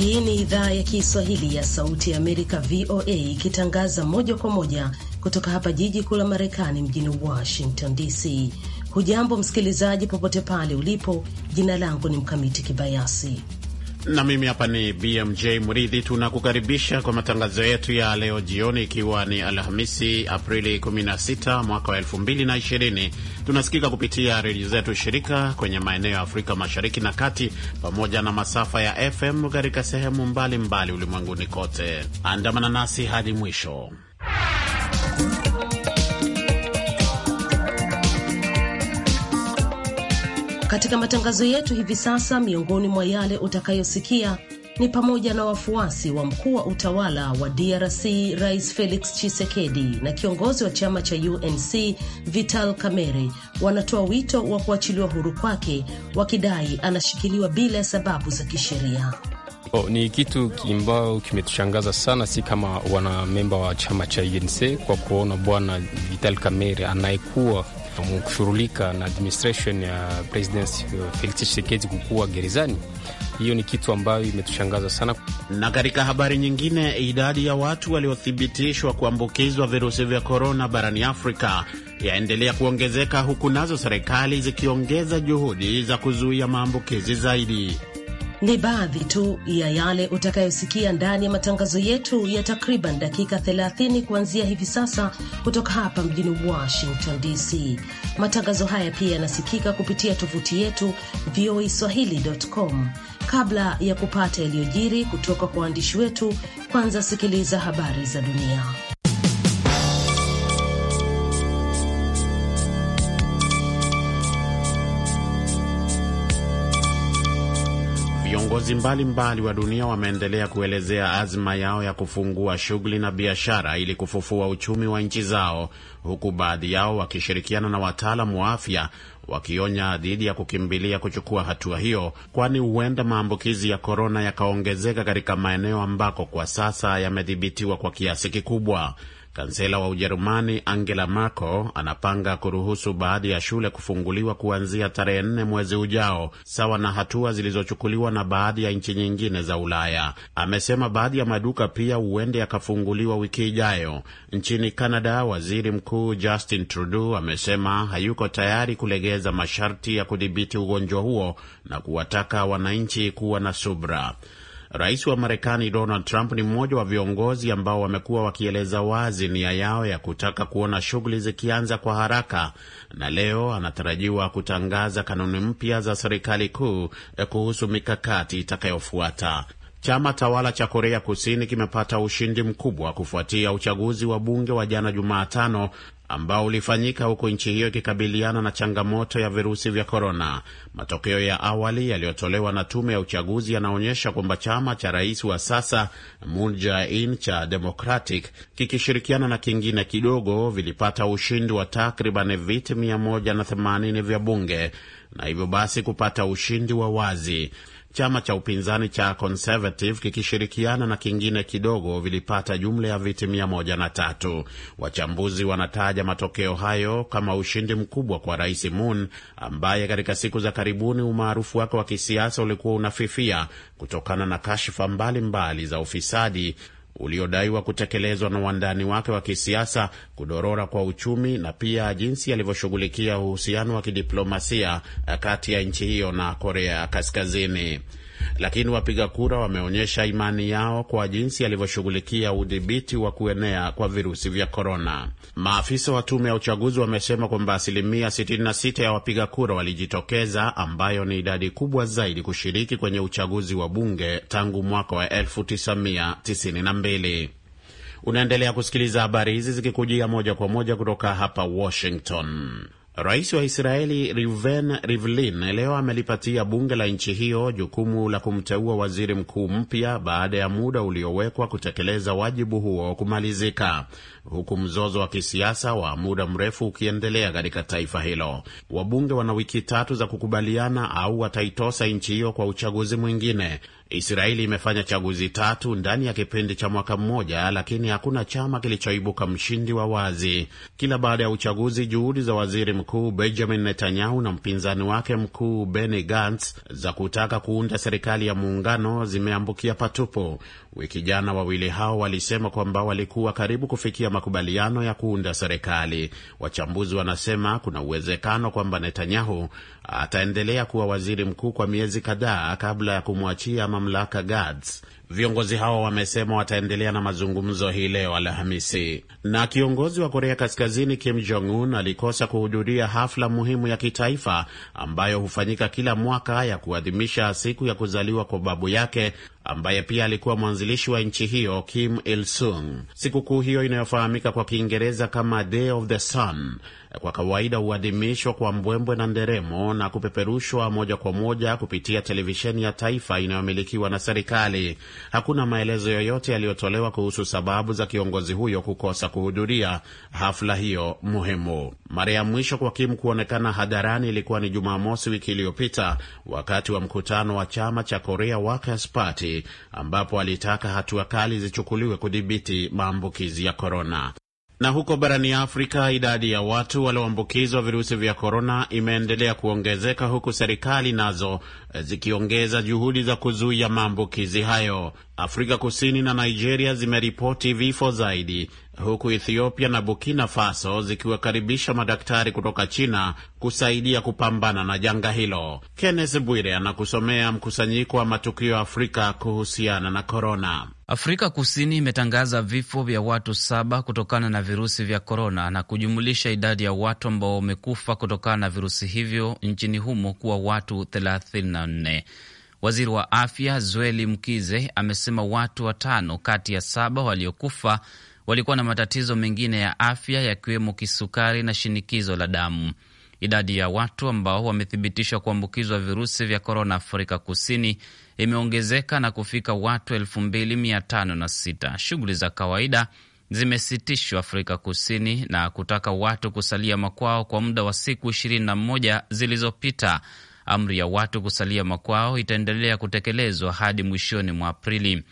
Hii ni idhaa ya Kiswahili ya Sauti ya Amerika, VOA, ikitangaza moja kwa moja kutoka hapa jiji kuu la Marekani, mjini Washington DC. Hujambo msikilizaji, popote pale ulipo. Jina langu ni Mkamiti Kibayasi na mimi hapa ni BMJ Mridhi. Tunakukaribisha kwa matangazo yetu ya leo jioni, ikiwa ni Alhamisi Aprili 16 mwaka wa 2020. Tunasikika kupitia redio zetu shirika kwenye maeneo ya Afrika Mashariki na Kati, pamoja na masafa ya FM katika sehemu mbalimbali ulimwenguni kote. Andamana nasi hadi mwisho. Katika matangazo yetu hivi sasa, miongoni mwa yale utakayosikia ni pamoja na wafuasi wa mkuu wa utawala wa DRC Rais Felix Tshisekedi na kiongozi wa chama cha UNC Vital Kamerhe wanatoa wito wa kuachiliwa huru kwake, wakidai anashikiliwa bila ya sababu za kisheria. Oh, ni kitu kimbao kimetushangaza sana, si kama wanamemba wa chama cha UNC kwa kuona bwana Vital Kamerhe anayekuwa mukushurulika na administration ya President uh, Felix Tshisekedi kukuwa gerezani. Hiyo ni kitu ambayo imetushangaza sana. Na katika habari nyingine, idadi ya watu waliothibitishwa kuambukizwa virusi vya korona barani Afrika yaendelea kuongezeka huku nazo serikali zikiongeza juhudi za kuzuia maambukizi zaidi. Ni baadhi tu ya yale utakayosikia ndani ya matangazo yetu ya takriban dakika 30 kuanzia hivi sasa kutoka hapa mjini Washington DC. Matangazo haya pia yanasikika kupitia tovuti yetu voa swahili.com. Kabla ya kupata yaliyojiri kutoka kwa waandishi wetu, kwanza sikiliza habari za dunia. Viongozi mbalimbali wa dunia wameendelea kuelezea azma yao ya kufungua shughuli na biashara ili kufufua uchumi wa nchi zao, huku baadhi yao wakishirikiana na wataalamu wa afya wakionya dhidi ya kukimbilia kuchukua hatua hiyo, kwani huenda maambukizi ya korona yakaongezeka katika maeneo ambako kwa sasa yamedhibitiwa kwa kiasi kikubwa. Kansela wa Ujerumani Angela Merkel anapanga kuruhusu baadhi ya shule kufunguliwa kuanzia tarehe nne mwezi ujao, sawa na hatua zilizochukuliwa na baadhi ya nchi nyingine za Ulaya. Amesema baadhi ya maduka pia huende yakafunguliwa wiki ijayo. Nchini Canada, waziri mkuu Justin Trudeau amesema hayuko tayari kulegeza masharti ya kudhibiti ugonjwa huo na kuwataka wananchi kuwa na subra. Rais wa Marekani Donald Trump ni mmoja wa viongozi ambao wamekuwa wakieleza wazi nia yao ya kutaka kuona shughuli zikianza kwa haraka, na leo anatarajiwa kutangaza kanuni mpya za serikali kuu eh, kuhusu mikakati itakayofuata. Chama tawala cha Korea Kusini kimepata ushindi mkubwa kufuatia uchaguzi wa bunge wa jana Jumatano ambao ulifanyika huku nchi hiyo ikikabiliana na changamoto ya virusi vya korona. Matokeo ya awali yaliyotolewa na tume ya uchaguzi yanaonyesha kwamba chama cha rais wa sasa Moon Jae-in cha Democratic kikishirikiana na kingine kidogo vilipata ushindi wa takriban viti 180 vya bunge na hivyo basi kupata ushindi wa wazi. Chama cha upinzani cha Conservative kikishirikiana na kingine kidogo vilipata jumla ya viti mia moja na tatu. Wachambuzi wanataja matokeo hayo kama ushindi mkubwa kwa Rais Moon ambaye katika siku za karibuni umaarufu wake wa kisiasa ulikuwa unafifia kutokana na kashfa mbalimbali za ufisadi uliodaiwa kutekelezwa na wandani wake wa kisiasa, kudorora kwa uchumi na pia jinsi alivyoshughulikia uhusiano wa kidiplomasia kati ya nchi hiyo na Korea Kaskazini lakini wapiga kura wameonyesha imani yao kwa jinsi alivyoshughulikia udhibiti wa kuenea kwa virusi vya korona. Maafisa wa tume ya uchaguzi wamesema kwamba asilimia 66 ya wapiga kura walijitokeza, ambayo ni idadi kubwa zaidi kushiriki kwenye uchaguzi wa bunge tangu mwaka wa 1992. Unaendelea kusikiliza habari hizi zikikujia moja kwa moja kutoka hapa Washington. Rais wa Israeli Reuven Rivlin leo amelipatia bunge la nchi hiyo jukumu la kumteua waziri mkuu mpya baada ya muda uliowekwa kutekeleza wajibu huo kumalizika huku mzozo wa kisiasa wa muda mrefu ukiendelea katika taifa hilo. Wabunge wana wiki tatu za kukubaliana au wataitosa nchi hiyo kwa uchaguzi mwingine. Israeli imefanya chaguzi tatu ndani ya kipindi cha mwaka mmoja, lakini hakuna chama kilichoibuka mshindi wa wazi. Kila baada ya uchaguzi, juhudi za waziri mkuu Benjamin Netanyahu na mpinzani wake mkuu Benny Gantz za kutaka kuunda serikali ya muungano zimeambukia patupu Wiki jana, wawili hao walisema kwamba walikuwa karibu kufikia makubaliano ya kuunda serikali. Wachambuzi wanasema kuna uwezekano kwamba Netanyahu ataendelea kuwa waziri mkuu kwa miezi kadhaa kabla ya kumwachia mamlaka Gads. Viongozi hao wamesema wataendelea na mazungumzo hii leo Alhamisi. Na kiongozi wa Korea Kaskazini Kim Jong Un alikosa kuhudhuria hafla muhimu ya kitaifa ambayo hufanyika kila mwaka ya kuadhimisha siku ya kuzaliwa kwa babu yake ambaye pia alikuwa mwanzilishi wa nchi hiyo Kim Il Sung. Sikukuu hiyo inayofahamika kwa Kiingereza kama Day of the Sun kwa kawaida huadhimishwa kwa mbwembwe na nderemo na kupeperushwa moja kwa moja kupitia televisheni ya taifa inayomilikiwa na serikali. Hakuna maelezo yoyote yaliyotolewa kuhusu sababu za kiongozi huyo kukosa kuhudhuria hafla hiyo muhimu. Mara ya mwisho kwa Kim kuonekana hadharani ilikuwa ni Jumamosi wiki iliyopita wakati wa mkutano wa chama cha Korea Workers Party ambapo alitaka hatua kali zichukuliwe kudhibiti maambukizi ya korona. Na huko barani Afrika, idadi ya watu walioambukizwa virusi vya korona imeendelea kuongezeka huku serikali nazo eh, zikiongeza juhudi za kuzuia maambukizi hayo. Afrika Kusini na Nigeria zimeripoti vifo zaidi huku Ethiopia na Burkina Faso zikiwakaribisha madaktari kutoka China kusaidia kupambana na janga hilo. Kenneth Bwire anakusomea mkusanyiko wa matukio ya Afrika kuhusiana na korona. Afrika Kusini imetangaza vifo vya watu saba kutokana na virusi vya korona na kujumulisha idadi ya watu ambao wamekufa kutokana na virusi hivyo nchini humo kuwa watu 34. Waziri wa afya Zweli Mkize amesema watu watano kati ya saba waliokufa walikuwa na matatizo mengine ya afya yakiwemo kisukari na shinikizo la damu. Idadi ya watu ambao wamethibitishwa kuambukizwa virusi vya korona Afrika Kusini imeongezeka na kufika watu 2506. Shughuli za kawaida zimesitishwa Afrika Kusini na kutaka watu kusalia makwao kwa muda wa siku 21 zilizopita. Amri ya watu kusalia makwao itaendelea kutekelezwa hadi mwishoni mwa Aprili.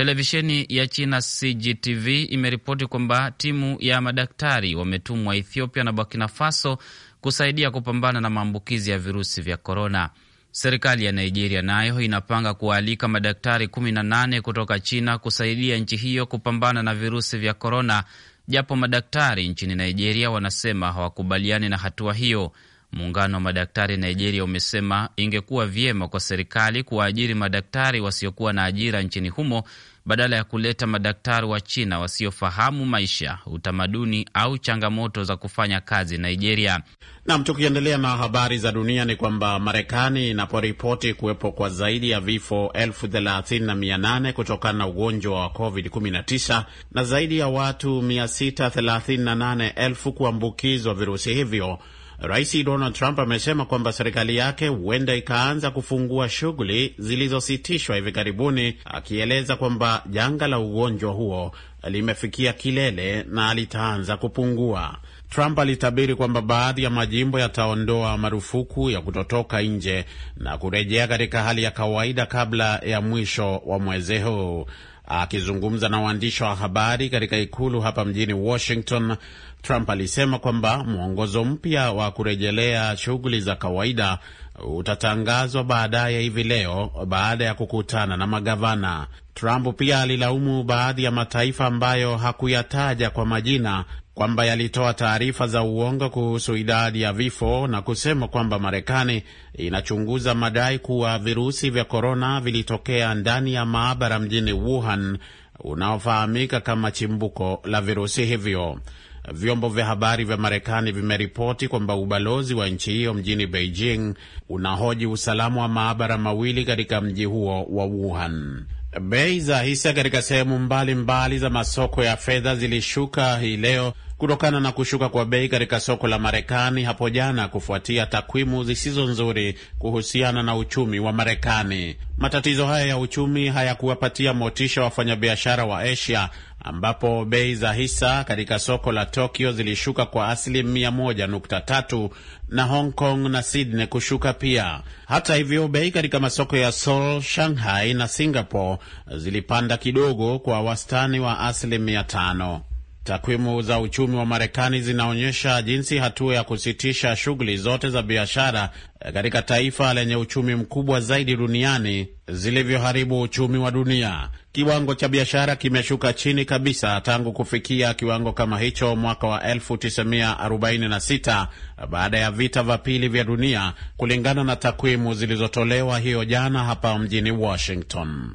Televisheni ya China CGTV imeripoti kwamba timu ya madaktari wametumwa Ethiopia na Burkina Faso kusaidia kupambana na maambukizi ya virusi vya korona. Serikali ya Nigeria nayo inapanga kuwaalika madaktari 18 kutoka China kusaidia nchi hiyo kupambana na virusi vya korona, japo madaktari nchini Nigeria wanasema hawakubaliani na hatua hiyo. Muungano wa madaktari Nigeria umesema ingekuwa vyema kwa serikali kuwaajiri madaktari wasiokuwa na ajira nchini humo badala ya kuleta madaktari wa China wasiofahamu maisha, utamaduni au changamoto za kufanya kazi Nigeria. Nam, tukiendelea na habari za dunia ni kwamba Marekani inaporipoti kuwepo kwa zaidi ya vifo elfu thelathini na mia nane kutokana na ugonjwa wa COVID-19 na zaidi ya watu 638 elfu kuambukizwa virusi hivyo Rais Donald Trump amesema kwamba serikali yake huenda ikaanza kufungua shughuli zilizositishwa hivi karibuni, akieleza kwamba janga la ugonjwa huo limefikia kilele na litaanza kupungua. Trump alitabiri kwamba baadhi ya majimbo yataondoa marufuku ya kutotoka nje na kurejea katika hali ya kawaida kabla ya mwisho wa mwezi huu. Akizungumza na waandishi wa habari katika ikulu hapa mjini Washington, Trump alisema kwamba mwongozo mpya wa kurejelea shughuli za kawaida utatangazwa baadaye hivi leo baada ya kukutana na magavana. Trump pia alilaumu baadhi ya mataifa ambayo hakuyataja kwa majina kwamba yalitoa taarifa za uongo kuhusu idadi ya vifo na kusema kwamba Marekani inachunguza madai kuwa virusi vya korona vilitokea ndani ya maabara mjini Wuhan unaofahamika kama chimbuko la virusi hivyo. Vyombo vya habari vya Marekani vimeripoti kwamba ubalozi wa nchi hiyo mjini Beijing unahoji usalama wa maabara mawili katika mji huo wa Wuhan. Bei za hisa katika sehemu mbalimbali za masoko ya fedha zilishuka hii leo kutokana na kushuka kwa bei katika soko la Marekani hapo jana kufuatia takwimu zisizo nzuri kuhusiana na uchumi wa Marekani. Matatizo haya ya uchumi hayakuwapatia motisha wafanyabiashara wa Asia ambapo bei za hisa katika soko la Tokyo zilishuka kwa asilimia moja nukta tatu na Hong Kong na Sydney kushuka pia. Hata hivyo, bei katika masoko ya Seoul, Shanghai na Singapore zilipanda kidogo kwa wastani wa asilimia tano. Takwimu za uchumi wa Marekani zinaonyesha jinsi hatua ya kusitisha shughuli zote za biashara katika taifa lenye uchumi mkubwa zaidi duniani zilivyoharibu uchumi wa dunia. Kiwango cha biashara kimeshuka chini kabisa tangu kufikia kiwango kama hicho mwaka wa 1946 baada ya vita vya pili vya dunia, kulingana na takwimu zilizotolewa hiyo jana hapa mjini Washington.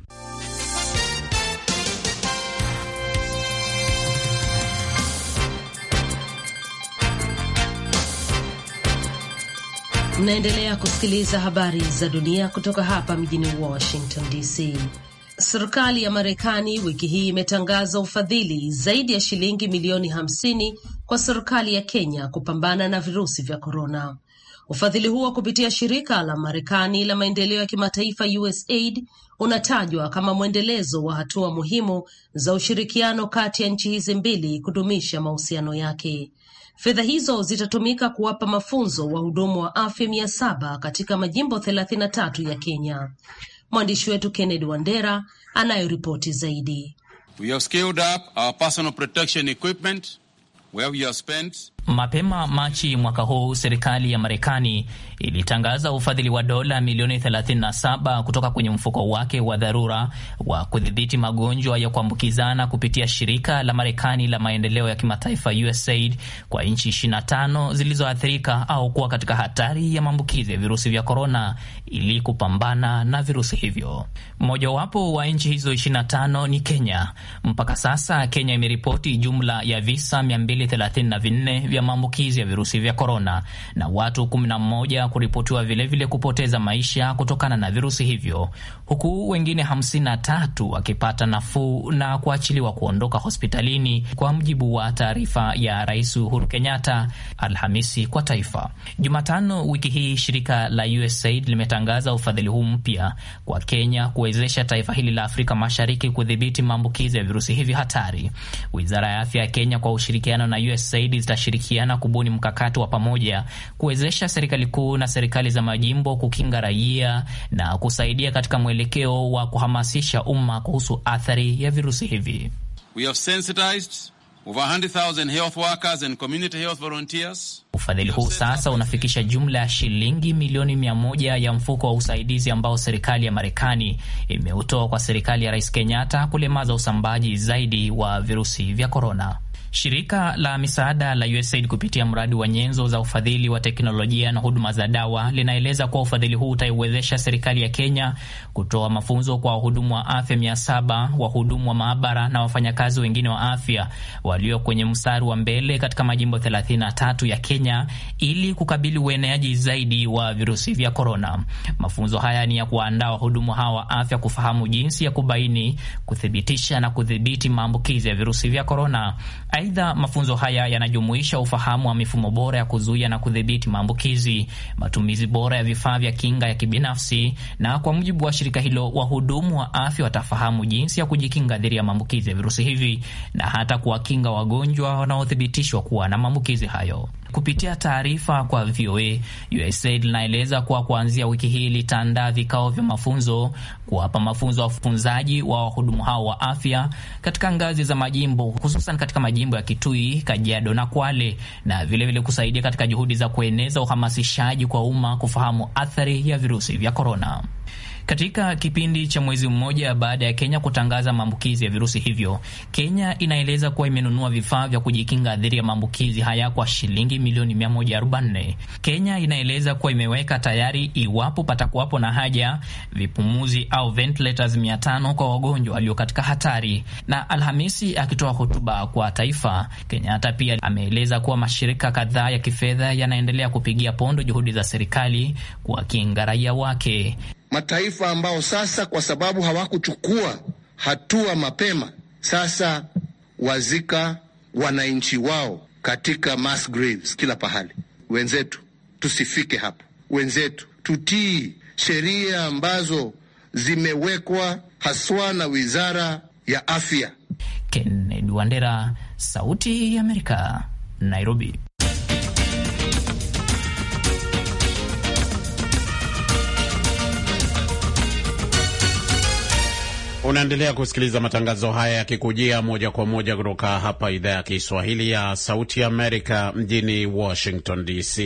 Mnaendelea kusikiliza habari za dunia kutoka hapa mjini Washington DC. Serikali ya Marekani wiki hii imetangaza ufadhili zaidi ya shilingi milioni 50 kwa serikali ya Kenya kupambana na virusi vya korona. Ufadhili huo kupitia shirika la Marekani la maendeleo ya kimataifa USAID unatajwa kama mwendelezo wa hatua muhimu za ushirikiano kati ya nchi hizi mbili kudumisha mahusiano yake. Fedha hizo zitatumika kuwapa mafunzo wahudumu wa afya mia saba katika majimbo thelathini na tatu ya Kenya. Mwandishi wetu Kennedy Wandera anayoripoti zaidi. We have Mapema Machi mwaka huu serikali ya Marekani ilitangaza ufadhili wa dola milioni 37 kutoka kwenye mfuko wake wa dharura wa kudhibiti magonjwa ya kuambukizana kupitia shirika la Marekani la maendeleo ya kimataifa USAID kwa nchi 25 zilizoathirika au kuwa katika hatari ya maambukizi ya virusi vya korona ili kupambana na virusi hivyo. mojawapo wa nchi hizo 25 ni Kenya. Mpaka sasa Kenya imeripoti jumla ya visa 234 vya maambukizi ya virusi vya korona na watu 11 kuripotiwa vilevile kupoteza maisha kutokana na virusi hivyo, huku wengine 53 wakipata nafuu na kuachiliwa kuondoka hospitalini, kwa mjibu wa taarifa ya Rais Uhuru Kenyatta Alhamisi kwa taifa. Jumatano wiki hii shirika la USAID limetangaza ufadhili huu mpya kwa Kenya kuwezesha taifa hili la Afrika Mashariki kudhibiti maambukizi ya virusi hivi hatari. Wizara ya afya ya Kenya kwa ushirikiano na USAID zitashiriki kushirikiana kubuni mkakati wa pamoja kuwezesha serikali kuu na serikali za majimbo kukinga raia na kusaidia katika mwelekeo wa kuhamasisha umma kuhusu athari ya virusi hivi. We have Ufadhili huu sasa unafikisha jumla ya shilingi milioni mia moja ya mfuko wa usaidizi ambao serikali ya Marekani imeutoa kwa serikali ya Rais Kenyatta kulemaza usambaji zaidi wa virusi vya korona. Shirika la misaada la USAID kupitia mradi wa nyenzo za ufadhili wa teknolojia na huduma za dawa linaeleza kuwa ufadhili huu utaiwezesha serikali ya Kenya kutoa mafunzo kwa wahudumu wa afya mia saba, wahudumu wa maabara na wafanyakazi wengine wa afya walio kwenye mstari wa mbele katika majimbo 33 ya Kenya ili kukabili ueneaji zaidi wa virusi vya korona. Mafunzo haya ni ya kuwaandaa wahudumu hawa wa afya kufahamu jinsi ya kubaini, kuthibitisha na kudhibiti maambukizi ya virusi vya korona. Aidha, mafunzo haya yanajumuisha ufahamu wa mifumo bora ya kuzuia na kudhibiti maambukizi, matumizi bora ya vifaa vya kinga ya kibinafsi, na kwa mujibu wa shirika hilo, wahudumu wa afya watafahamu jinsi ya kujikinga dhidi ya maambukizi ya virusi hivi na hata kuwakinga wagonjwa wanaothibitishwa kuwa na maambukizi hayo. Kupitia taarifa kwa VOA, USAID linaeleza kuwa kuanzia wiki hii litaandaa vikao vya mafunzo kuwapa mafunzo wafunzaji wa wahudumu hao wa afya katika ngazi za majimbo, hususan katika majimbo ya Kitui, Kajiado na Kwale, na vilevile vile kusaidia katika juhudi za kueneza uhamasishaji kwa umma kufahamu athari ya virusi vya korona. Katika kipindi cha mwezi mmoja baada ya Kenya kutangaza maambukizi ya virusi hivyo, Kenya inaeleza kuwa imenunua vifaa vya kujikinga dhidi ya maambukizi haya kwa shilingi milioni 144. Kenya inaeleza kuwa imeweka tayari, iwapo patakuwapo na haja, vipumuzi au ventilators 500 kwa wagonjwa walio katika hatari. Na Alhamisi akitoa hotuba kwa taifa, Kenyatta pia ameeleza kuwa mashirika kadhaa ya kifedha yanaendelea kupigia pondo juhudi za serikali kuwakinga raia wake mataifa ambao sasa kwa sababu hawakuchukua hatua mapema, sasa wazika wananchi wao katika mass graves kila pahali. Wenzetu tusifike hapo, wenzetu tutii sheria ambazo zimewekwa haswa na wizara ya afya. Kennedy Wandera, Sauti ya Amerika, Nairobi. Unaendelea kusikiliza matangazo haya yakikujia moja kwa moja kutoka hapa idhaa ya Kiswahili ya Sauti Amerika mjini Washington DC.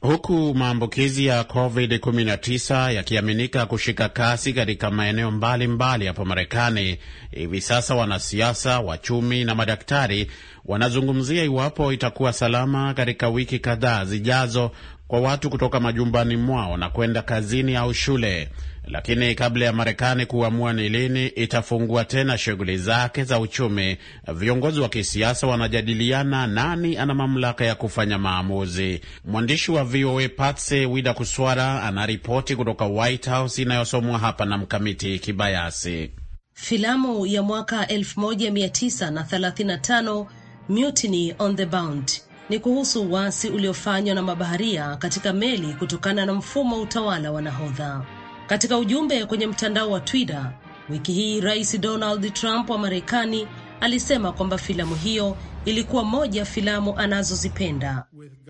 Huku maambukizi ya COVID-19 yakiaminika kushika kasi katika maeneo mbalimbali hapa Marekani, hivi sasa wanasiasa, wachumi na madaktari wanazungumzia iwapo itakuwa salama katika wiki kadhaa zijazo kwa watu kutoka majumbani mwao na kwenda kazini au shule lakini kabla ya Marekani kuamua ni lini itafungua tena shughuli zake za uchumi, viongozi wa kisiasa wanajadiliana nani ana mamlaka ya kufanya maamuzi. Mwandishi wa VOA Patse Wida Kuswara anaripoti kutoka White House, inayosomwa hapa na Mkamiti Kibayasi. Filamu ya mwaka 1935 Mutiny on the Bound ni kuhusu uasi uliofanywa na mabaharia katika meli kutokana na mfumo wa utawala wa nahodha. Katika ujumbe kwenye mtandao wa Twitter wiki hii, Rais Donald Trump wa Marekani alisema kwamba filamu hiyo ilikuwa moja filamu anazozipenda,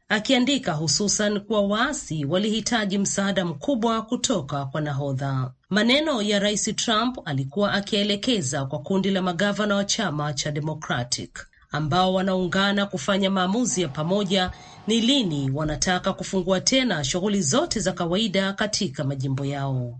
akiandika hususan kuwa waasi walihitaji msaada mkubwa kutoka kwa nahodha. Maneno ya Rais Trump alikuwa akielekeza kwa kundi la magavana wa chama cha Democratic ambao wanaungana kufanya maamuzi ya pamoja ni lini wanataka kufungua tena shughuli zote za kawaida katika majimbo yao.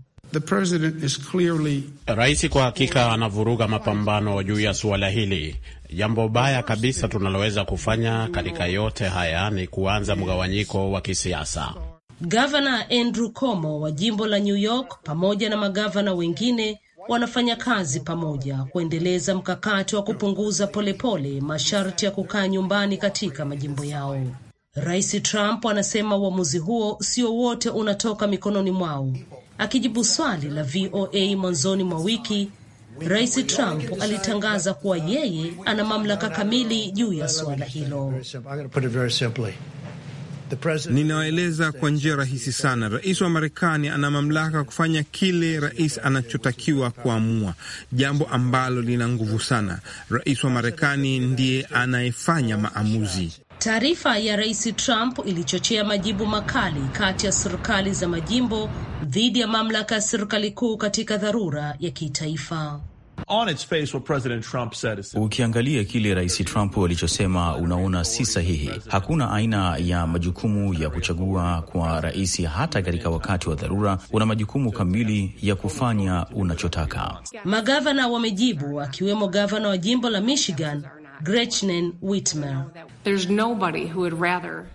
Clearly... Rais kwa hakika anavuruga mapambano juu ya suala hili. Jambo baya kabisa tunaloweza kufanya katika yote haya ni kuanza mgawanyiko wa kisiasa. Gavana Andrew Cuomo wa jimbo la New York pamoja na magavana wengine wanafanya kazi pamoja kuendeleza mkakati wa kupunguza polepole masharti ya kukaa nyumbani katika majimbo yao. Rais Trump anasema uamuzi huo sio wote unatoka mikononi mwao. Akijibu swali la VOA mwanzoni mwa wiki, Rais Trump alitangaza kuwa yeye ana mamlaka kamili juu ya suala hilo. Ninawaeleza kwa njia rahisi sana. Rais wa Marekani ana mamlaka kufanya kile rais anachotakiwa kuamua, jambo ambalo lina nguvu sana. Rais wa Marekani ndiye anayefanya maamuzi. Taarifa ya Rais Trump ilichochea majibu makali kati ya serikali za majimbo dhidi ya mamlaka ya serikali kuu katika dharura ya kitaifa. Ukiangalia kile Rais Trump alichosema, unaona si sahihi. Hakuna aina ya majukumu ya kuchagua kwa rais, hata katika wakati wa dharura. Una majukumu kamili ya kufanya unachotaka. Magavana wamejibu, akiwemo gavana wa jimbo la Michigan Gretchen Whitmer.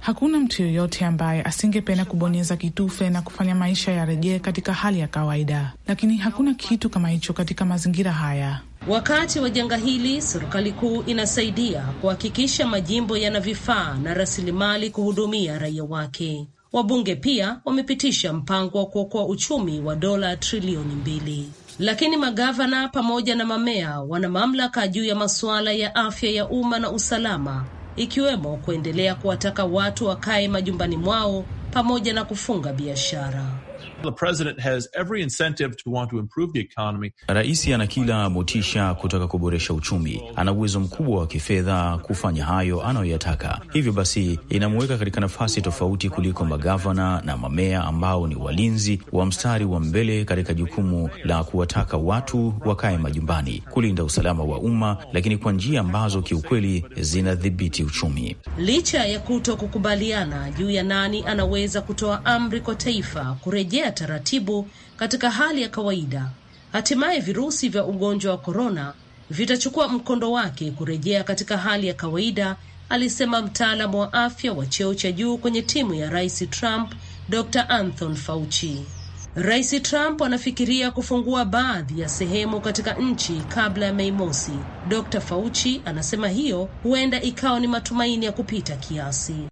Hakuna mtu yoyote ambaye asingependa kubonyeza kitufe na kufanya maisha yarejee katika hali ya kawaida, lakini hakuna kitu kama hicho katika mazingira haya. Wakati wa janga hili, serikali kuu inasaidia kuhakikisha majimbo yana vifaa na rasilimali kuhudumia raia wake. Wabunge pia wamepitisha mpango wa kuokoa uchumi wa dola trilioni mbili. Lakini magavana pamoja na mamea wana mamlaka juu ya masuala ya afya ya umma na usalama, ikiwemo kuendelea kuwataka watu wakae majumbani mwao pamoja na kufunga biashara. The president has every incentive to want to improve the economy. Raisi ana kila motisha kutaka kuboresha uchumi, ana uwezo mkubwa wa kifedha kufanya hayo anayoyataka. Hivyo basi inamuweka katika nafasi tofauti kuliko magavana na mamea ambao ni walinzi wa mstari wa mbele katika jukumu la kuwataka watu wakae majumbani, kulinda usalama wa umma, lakini kwa njia ambazo kiukweli zinadhibiti uchumi. Licha ya kuto kukubaliana juu ya nani anaweza kutoa amri kwa taifa kurejea taratibu katika hali ya kawaida, hatimaye virusi vya ugonjwa wa korona vitachukua mkondo wake kurejea katika hali ya kawaida, alisema mtaalamu wa afya wa cheo cha juu kwenye timu ya Rais Trump, Dr Anthony Fauci. Rais Trump anafikiria kufungua baadhi ya sehemu katika nchi kabla ya Mei Mosi. Dr Fauci anasema hiyo huenda ikawa ni matumaini ya kupita kiasi.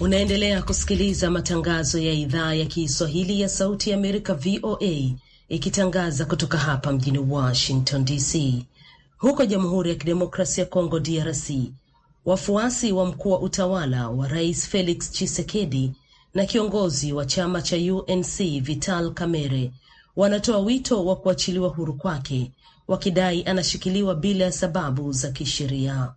Unaendelea kusikiliza matangazo ya idhaa ya Kiswahili ya Sauti ya Amerika, VOA, ikitangaza kutoka hapa mjini Washington DC. Huko Jamhuri ya Kidemokrasia ya Kongo, DRC, wafuasi wa mkuu wa utawala wa Rais Felix Tshisekedi na kiongozi wa chama cha UNC Vital Kamerhe wanatoa wito wa kuachiliwa huru kwake, wakidai anashikiliwa bila ya sababu za kisheria.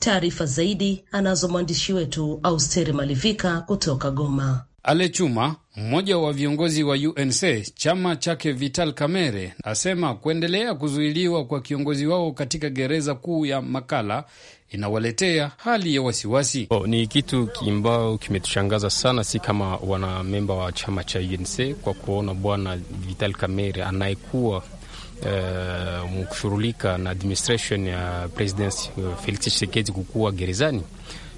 Taarifa zaidi anazo mwandishi wetu Austeri Malivika kutoka Goma. Ale Chuma, mmoja wa viongozi wa UNC chama chake Vital Kamerhe, asema kuendelea kuzuiliwa kwa kiongozi wao katika gereza kuu ya Makala inawaletea hali ya wasiwasi. Oh, ni kitu kimbao kimetushangaza sana, si kama wanamemba wa chama cha UNC kwa kuona bwana Vital Kamerhe anayekuwa uh, na administration ya President eh, Felix Tshisekedi kukuwa gerezani.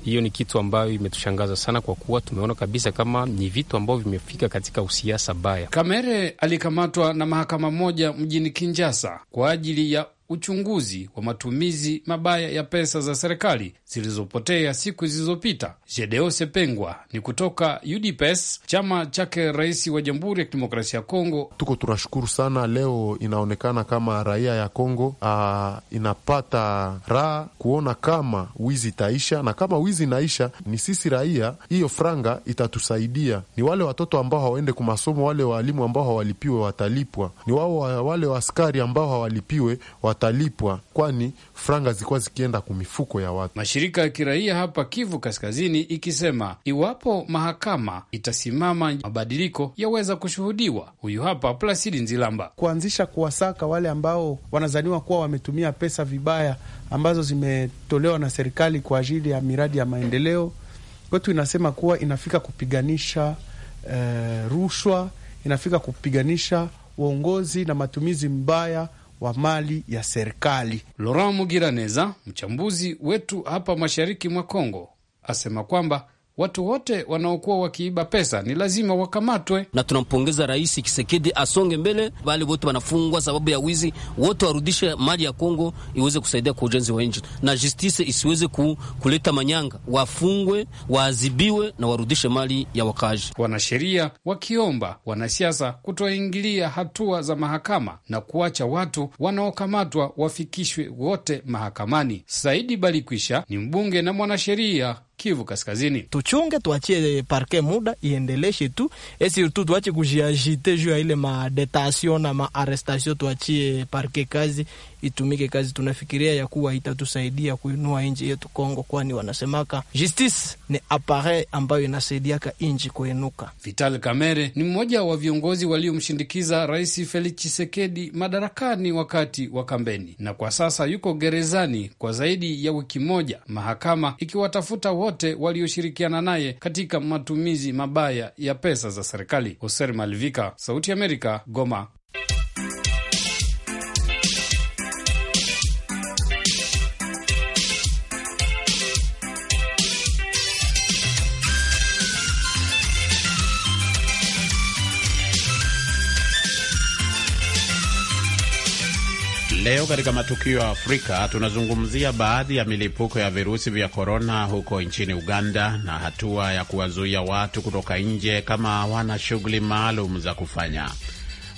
Hiyo ni kitu ambayo imetushangaza sana, kwa kuwa tumeona kabisa kama ni vitu ambavyo vimefika katika usiasa baya. Kamere alikamatwa na mahakama moja mjini Kinshasa kwa ajili ya uchunguzi wa matumizi mabaya ya pesa za serikali zilizopotea siku zilizopita. Jedeo Sepengwa ni kutoka UDPS, chama chake rais wa Jamhuri ya Kidemokrasia ya Kongo. Tuko tunashukuru sana, leo inaonekana kama raia ya Kongo ah, inapata raha kuona kama wizi itaisha, na kama wizi inaisha, ni sisi raia, hiyo franga itatusaidia. Ni wale watoto ambao hawaende kumasomo, wale waalimu ambao hawalipiwe watalipwa, ni wao wale waaskari ambao hawalipiwe wat watalipwa, kwani franga zilikuwa zikienda mifuko ya watu. Mashirika ya kiraia hapa Kivu Kaskazini ikisema iwapo mahakama itasimama, mabadiliko yaweza kushuhudiwa. Huyu hapa Plasidi Nzilamba. Kuanzisha kuwasaka wale ambao wanazaniwa kuwa wametumia pesa vibaya ambazo zimetolewa na serikali kwa ajili ya miradi ya maendeleo kwetu, inasema kuwa inafika kupiganisha eh, rushwa, inafika kupiganisha uongozi na matumizi mbaya wa mali ya serikali. Laurent Mugiraneza, mchambuzi wetu hapa mashariki mwa Kongo, asema kwamba watu wote wanaokuwa wakiiba pesa ni lazima wakamatwe, na tunampongeza Rais Kisekedi asonge mbele. bali wote wanafungwa sababu ya wizi, wote warudishe mali ya Kongo iweze kusaidia kwa ujenzi wa nchi, na justice isiweze ku, kuleta manyanga. Wafungwe, waadhibiwe na warudishe mali ya wakaaji. Wanasheria wakiomba wanasiasa kutoingilia hatua za mahakama na kuacha watu wanaokamatwa wafikishwe wote mahakamani. Saidi Balikwisha ni mbunge na mwanasheria Kivu Kaskazini. Tuchunge, tuachie parke muda iendeleshe tu esi tu, tuache kujiagite juu ya ile madetasio na maarestasio, tuachie parke kazi itumike kazi. Tunafikiria ya kuwa itatusaidia kuinua nchi yetu Kongo, kwani wanasemaka justice ni apare ambayo inasaidiaka nchi kuinuka. Vital Kamerhe ni mmoja wa viongozi waliomshindikiza Rais Felix Tshisekedi madarakani wakati wa kampeni, na kwa sasa yuko gerezani kwa zaidi ya wiki moja, mahakama ikiwatafuta wote walioshirikiana naye katika matumizi mabaya ya pesa za serikali. Hoser Malvika, Sauti ya Amerika, Goma. Leo katika matukio ya Afrika tunazungumzia baadhi ya milipuko ya virusi vya korona huko nchini Uganda na hatua ya kuwazuia watu kutoka nje kama hawana shughuli maalum za kufanya.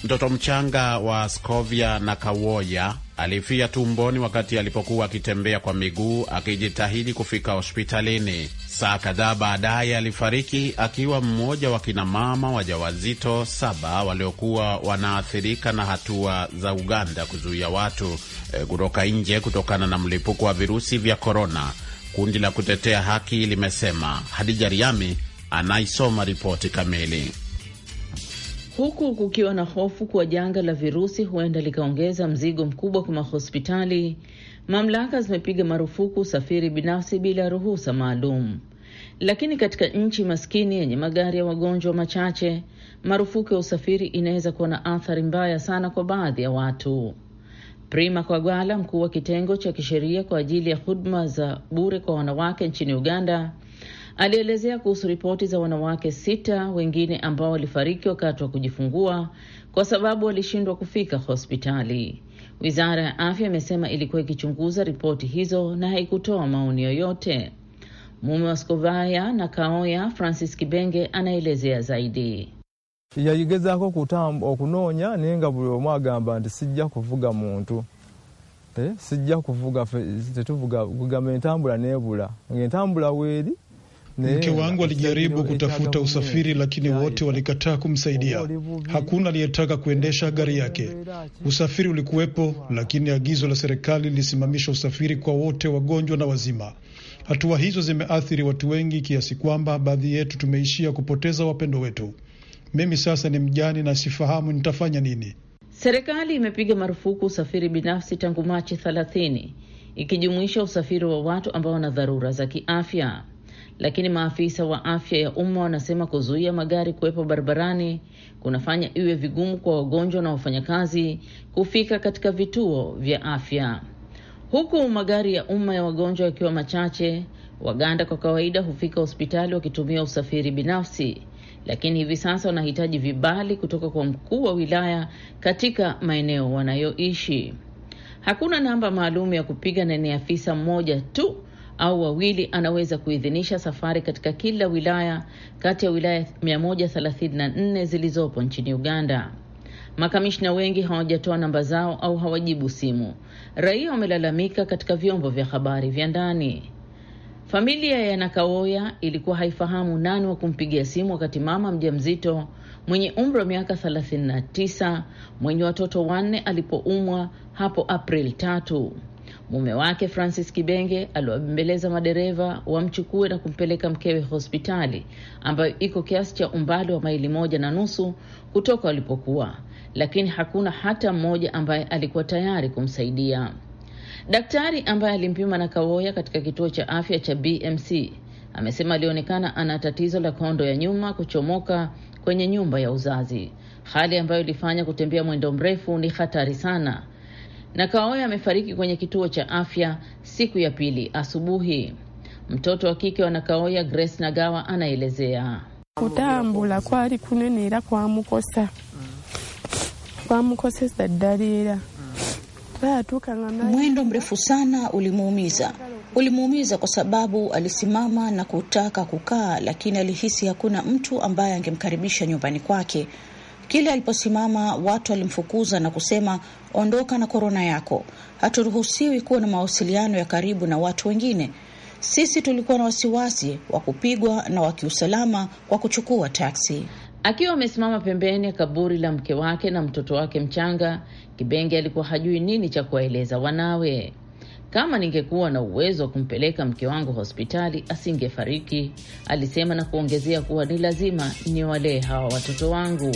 Mtoto mchanga wa Skovia na Kawoya alifia tumboni wakati alipokuwa akitembea kwa miguu akijitahidi kufika hospitalini. Saa kadhaa baadaye alifariki akiwa mmoja wa kinamama wajawazito saba waliokuwa wanaathirika na hatua za Uganda kuzuia watu eh, kutoka nje kutokana na mlipuko wa virusi vya korona. Kundi la kutetea haki limesema. Hadija Riami anaisoma ripoti kamili. Huku kukiwa na hofu kuwa janga la virusi huenda likaongeza mzigo mkubwa kwa mahospitali Mamlaka zimepiga marufuku usafiri binafsi bila ruhusa maalum, lakini katika nchi maskini yenye magari ya wagonjwa machache, marufuku ya usafiri inaweza kuwa na athari mbaya sana kwa baadhi ya watu. Prima Kwagwala, mkuu wa kitengo cha kisheria kwa ajili ya huduma za bure kwa wanawake nchini Uganda, alielezea kuhusu ripoti za wanawake sita wengine ambao walifariki wakati wa kujifungua kwa sababu walishindwa kufika hospitali. Wizara ya afya imesema ilikuwa ikichunguza ripoti hizo na haikutoa maoni yoyote. Mume wa Skovaya na Kaoya, Francis Kibenge, anaelezea zaidi. yaigezako kutamba okunoonya ninga buli omu agamba nti sijja kuvuga muntu eh, sijja kuvuga tetuvuga kugamba entambula nebula ngentambula weri Mke wangu alijaribu kutafuta usafiri, lakini yaani, wote walikataa kumsaidia. Hakuna aliyetaka kuendesha gari yake. Usafiri ulikuwepo, lakini agizo la serikali lilisimamisha usafiri kwa wote, wagonjwa na wazima. Hatua hizo zimeathiri watu wengi kiasi kwamba baadhi yetu tumeishia kupoteza wapendo wetu. Mimi sasa ni mjani na sifahamu nitafanya nini. Serikali imepiga marufuku usafiri binafsi tangu Machi 30 ikijumuisha usafiri wa watu ambao wana dharura za kiafya lakini maafisa wa afya ya umma wanasema kuzuia magari kuwepo barabarani kunafanya iwe vigumu kwa wagonjwa na wafanyakazi kufika katika vituo vya afya. Huku magari ya umma ya wagonjwa yakiwa machache, Waganda kwa kawaida hufika hospitali wakitumia usafiri binafsi, lakini hivi sasa wanahitaji vibali kutoka kwa mkuu wa wilaya katika maeneo wanayoishi. Hakuna namba maalum ya kupiga na ni afisa mmoja tu au wawili anaweza kuidhinisha safari katika kila wilaya kati ya wilaya 134 zilizopo nchini Uganda. Makamishna wengi hawajatoa namba zao au hawajibu simu. Raia wamelalamika katika vyombo vya habari vya ndani. Familia ya Nakaoya ilikuwa haifahamu nani wa kumpigia simu wakati mama mjamzito mwenye umri wa miaka 39 mwenye watoto wanne alipoumwa hapo April tatu. Mume wake Francis Kibenge aliwabembeleza madereva wamchukue na kumpeleka mkewe hospitali ambayo iko kiasi cha umbali wa maili moja na nusu kutoka walipokuwa, lakini hakuna hata mmoja ambaye alikuwa tayari kumsaidia. Daktari ambaye alimpima na kawoya katika kituo cha afya cha BMC amesema alionekana ana tatizo la kondo ya nyuma kuchomoka kwenye nyumba ya uzazi, hali ambayo ilifanya kutembea mwendo mrefu ni hatari sana Nakaoya amefariki kwenye kituo cha afya siku ya pili asubuhi. Mtoto wa kike wa Nakaoya, Grace Nagawa, anaelezea kutambula kwali kunenera kwamukosa kwamukosesa ddala mwendo mrefu sana ulimuumiza ulimuumiza kwa sababu alisimama na kutaka kukaa, lakini alihisi hakuna mtu ambaye angemkaribisha nyumbani kwake Kile aliposimama watu walimfukuza na kusema, ondoka na korona yako, haturuhusiwi kuwa na mawasiliano ya karibu na watu wengine. Sisi tulikuwa na wasiwasi wa kupigwa na wa kiusalama kwa kuchukua taksi. Akiwa amesimama pembeni ya kaburi la mke wake na mtoto wake mchanga, Kibenge alikuwa hajui nini cha kuwaeleza wanawe. Kama ningekuwa na uwezo wa kumpeleka mke wangu hospitali asingefariki, alisema na kuongezea kuwa ni lazima niwalee hawa watoto wangu.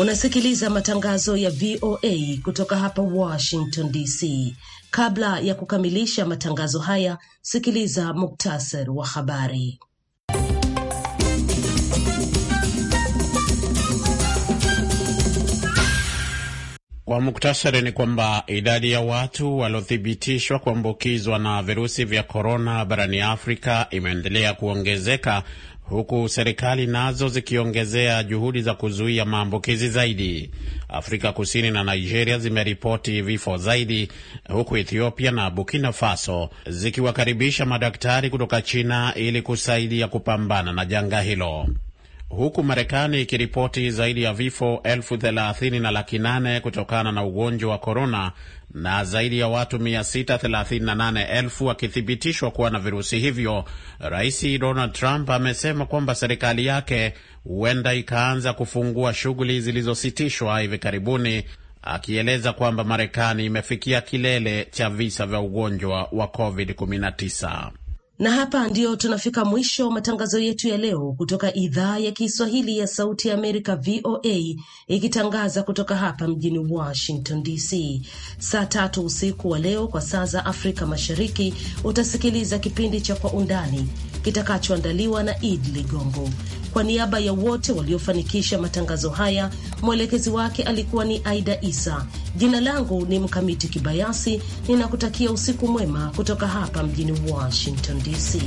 Unasikiliza matangazo ya VOA kutoka hapa Washington DC. Kabla ya kukamilisha matangazo haya, sikiliza muktasar wa habari. Kwa muktasari ni kwamba idadi ya watu waliothibitishwa kuambukizwa na virusi vya korona barani Afrika imeendelea kuongezeka huku serikali nazo zikiongezea juhudi za kuzuia maambukizi zaidi. Afrika Kusini na Nigeria zimeripoti vifo zaidi, huku Ethiopia na Burkina Faso zikiwakaribisha madaktari kutoka China ili kusaidia kupambana na janga hilo, huku Marekani ikiripoti zaidi ya vifo elfu thelathini na laki nane kutokana na ugonjwa wa korona na zaidi ya watu 638,000 wakithibitishwa kuwa na virusi hivyo. Rais Donald Trump amesema kwamba serikali yake huenda ikaanza kufungua shughuli zilizositishwa hivi karibuni, akieleza kwamba Marekani imefikia kilele cha visa vya ugonjwa wa COVID-19. Na hapa ndiyo tunafika mwisho wa matangazo yetu ya leo kutoka idhaa ya Kiswahili ya Sauti ya Amerika, VOA, ikitangaza kutoka hapa mjini Washington DC. Saa tatu usiku wa leo kwa saa za Afrika Mashariki utasikiliza kipindi cha Kwa Undani kitakachoandaliwa na Id Ligongo. Kwa niaba ya wote waliofanikisha matangazo haya, mwelekezi wake alikuwa ni Aida Isa. Jina langu ni Mkamiti Kibayasi, ninakutakia usiku mwema kutoka hapa mjini Washington DC.